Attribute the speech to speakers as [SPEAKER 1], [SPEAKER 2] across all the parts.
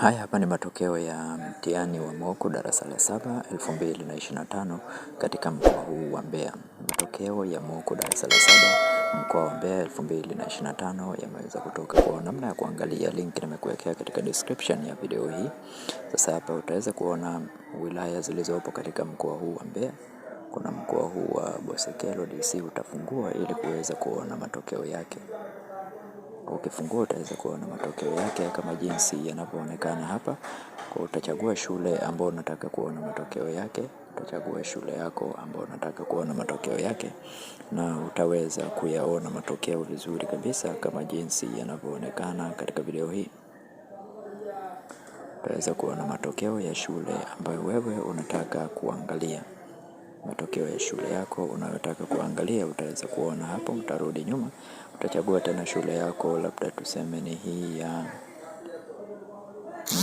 [SPEAKER 1] Haya hapa ni matokeo ya mtihani wa moko darasa la saba 2025 katika mkoa huu wa Mbeya. Matokeo ya moko darasa la saba mkoa wa Mbeya 2025 yameweza kutoka. Kwa namna ya kuangalia, link nimekuwekea katika description ya video hii. Sasa hapa utaweza kuona wilaya zilizopo katika mkoa huu wa Mbeya. Kuna mkoa huu wa Bosekelo DC, utafungua ili kuweza kuona matokeo yake. Ukifungua utaweza kuona matokeo yake kama jinsi yanavyoonekana hapa. Kwa utachagua shule ambayo unataka kuona matokeo yake, utachagua shule yako ambayo unataka kuona matokeo yake, na utaweza kuyaona matokeo vizuri kabisa kama jinsi yanavyoonekana katika video hii. Utaweza kuona matokeo ya shule ambayo wewe unataka kuangalia matokeo ya shule yako unayotaka kuangalia, utaweza kuona hapo, utarudi nyuma, utachagua tena shule yako, labda tuseme ni hii ya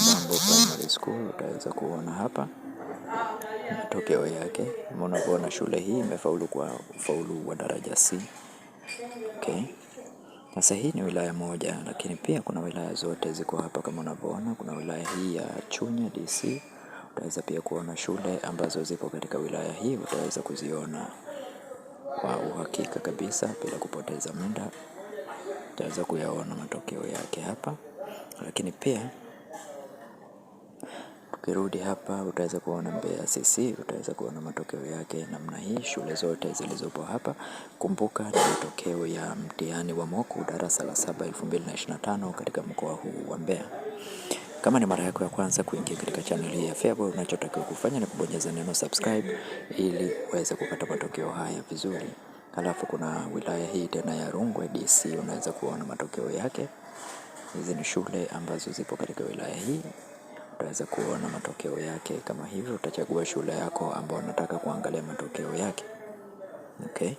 [SPEAKER 1] Mbambo Primary School, utaweza kuona hapa matokeo yake. Unavyoona shule hii imefaulu kwa ufaulu wa daraja C. Okay. Sasa hii ni wilaya moja, lakini pia kuna wilaya zote ziko hapa kama unavyoona. Kuna wilaya hii ya Chunya DC Utaweza pia kuona shule ambazo zipo katika wilaya hii, utaweza kuziona kwa uhakika kabisa bila kupoteza muda. Utaweza kuyaona matokeo yake hapa, lakini pia tukirudi hapa utaweza kuona Mbeya CC, utaweza kuona matokeo yake namna hii, shule zote zilizopo hapa. Kumbuka ni matokeo ya mtihani wa moku darasa la saba 2025 katika mkoa huu wa Mbeya. Kama ni mara yako ya kwanza kuingia katika channel hii ya Feaboy, unachotakiwa kufanya ni kubonyeza neno subscribe ili uweze kupata matokeo haya vizuri. Halafu kuna wilaya hii tena ya Rungwe DC, unaweza kuona matokeo yake. Hizi ni shule ambazo zipo katika wilaya hii, utaweza kuona matokeo yake kama hivyo. Utachagua shule yako ambayo unataka kuangalia matokeo yake okay.